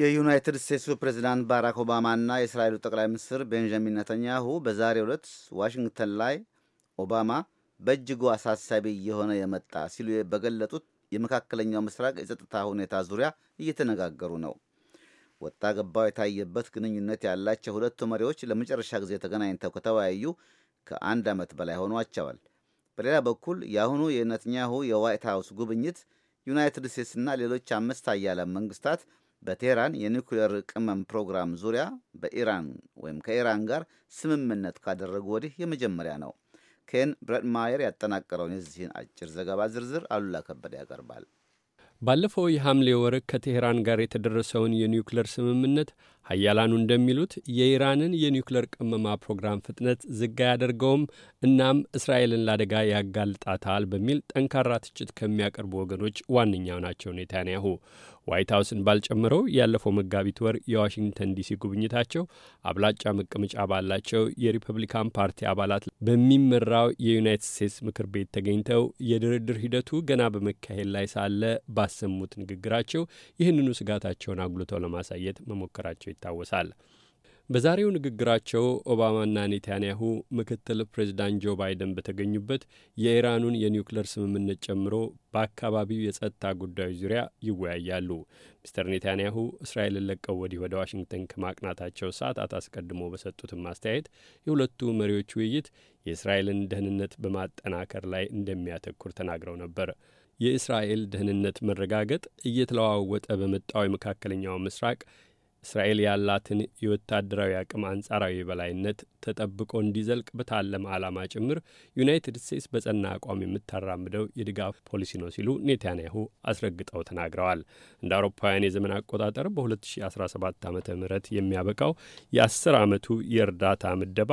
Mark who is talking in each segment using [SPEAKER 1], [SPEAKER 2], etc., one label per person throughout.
[SPEAKER 1] የዩናይትድ ስቴትሱ ፕሬዚዳንት ባራክ ኦባማና የእስራኤሉ ጠቅላይ ሚኒስትር ቤንጃሚን ነተንያሁ በዛሬው ዕለት ዋሽንግተን ላይ ኦባማ በእጅጉ አሳሳቢ እየሆነ የመጣ ሲሉ በገለጡት የመካከለኛው ምስራቅ የጸጥታ ሁኔታ ዙሪያ እየተነጋገሩ ነው። ወጣ ገባው የታየበት ግንኙነት ያላቸው ሁለቱ መሪዎች ለመጨረሻ ጊዜ ተገናኝተው ከተወያዩ ከአንድ ዓመት በላይ ሆኗቸዋል። በሌላ በኩል የአሁኑ የነትንያሁ የዋይት ሀውስ ጉብኝት ዩናይትድ ስቴትስና ሌሎች አምስት አያለም መንግስታት በቴህራን የኒውክሌር ቅመም ፕሮግራም ዙሪያ በኢራን ወይም ከኢራን ጋር ስምምነት ካደረጉ ወዲህ የመጀመሪያ ነው። ኬን ብረድማየር ያጠናቀረውን የዚህን አጭር ዘገባ ዝርዝር አሉላ ከበደ ያቀርባል።
[SPEAKER 2] ባለፈው የሐምሌ ወር ከቴህራን ጋር የተደረሰውን የኒውክሌር ስምምነት ሀያላኑ እንደሚሉት የኢራንን የኒውክሌር ቅመማ ፕሮግራም ፍጥነት ዝጋ ያደርገውም እናም እስራኤልን ላደጋ ያጋልጣታል በሚል ጠንካራ ትችት ከሚያቀርቡ ወገኖች ዋነኛው ናቸው ኔታንያሁ። ዋይት ሀውስን ባልጨምረው ያለፈው መጋቢት ወር የዋሽንግተን ዲሲ ጉብኝታቸው አብላጫ መቀመጫ ባላቸው የሪፐብሊካን ፓርቲ አባላት በሚመራው የዩናይትድ ስቴትስ ምክር ቤት ተገኝተው የድርድር ሂደቱ ገና በመካሄድ ላይ ሳለ ባሰሙት ንግግራቸው ይህንኑ ስጋታቸውን አጉልተው ለማሳየት መሞከራቸው ይታወሳል። በዛሬው ንግግራቸው ኦባማና ኔታንያሁ ምክትል ፕሬዚዳንት ጆ ባይደን በተገኙበት የኢራኑን የኒውክሌር ስምምነት ጨምሮ በአካባቢው የጸጥታ ጉዳዮች ዙሪያ ይወያያሉ። ሚስተር ኔታንያሁ እስራኤልን ለቀው ወዲህ ወደ ዋሽንግተን ከማቅናታቸው ሰዓታት አስቀድሞ በሰጡትም አስተያየት የሁለቱ መሪዎች ውይይት የእስራኤልን ደህንነት በማጠናከር ላይ እንደሚያተኩር ተናግረው ነበር። የእስራኤል ደህንነት መረጋገጥ እየተለዋወጠ በመጣው የመካከለኛው ምስራቅ እስራኤል ያላትን የወታደራዊ አቅም አንጻራዊ የበላይነት ተጠብቆ እንዲዘልቅ በታለመ ዓላማ ጭምር ዩናይትድ ስቴትስ በጸና አቋም የምታራምደው የድጋፍ ፖሊሲ ነው ሲሉ ኔታንያሁ አስረግጠው ተናግረዋል። እንደ አውሮፓውያን የዘመን አቆጣጠር በ2017 ዓ ም የሚያበቃው የአስር ዓመቱ የእርዳታ ምደባ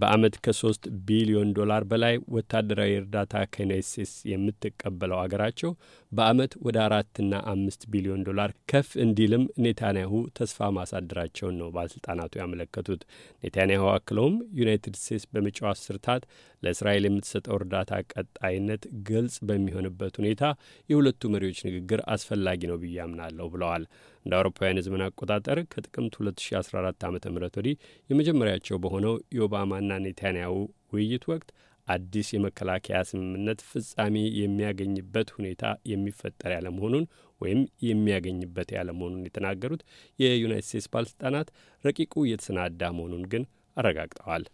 [SPEAKER 2] በአመት ከሶስት ቢሊዮን ዶላር በላይ ወታደራዊ እርዳታ ከዩናይት ስቴትስ የምትቀበለው አገራቸው በአመት ወደ አራትና አምስት ቢሊዮን ዶላር ከፍ እንዲልም ኔታንያሁ ተስፋ ማሳደራቸውን ነው ባለሥልጣናቱ ያመለከቱት። ኔታንያሁ አክለውም ዩናይትድ ስቴትስ በመጪው አስርታት ለእስራኤል የምትሰጠው እርዳታ ቀጣይነት ግልጽ በሚሆንበት ሁኔታ የሁለቱ መሪዎች ንግግር አስፈላጊ ነው ብዬ አምናለሁ ብለዋል። እንደ አውሮፓውያን የዘመን አቆጣጠር ከጥቅምት 2014 ዓ ም ወዲህ የመጀመሪያቸው በሆነው የኦባማና ኔታንያሁ ውይይት ወቅት አዲስ የመከላከያ ስምምነት ፍጻሜ የሚያገኝበት ሁኔታ የሚፈጠር ያለመሆኑን ወይም የሚያገኝበት ያለመሆኑን የተናገሩት የዩናይት ስቴትስ ባለሥልጣናት ረቂቁ እየተሰናዳ መሆኑን ግን አረጋግጠዋል።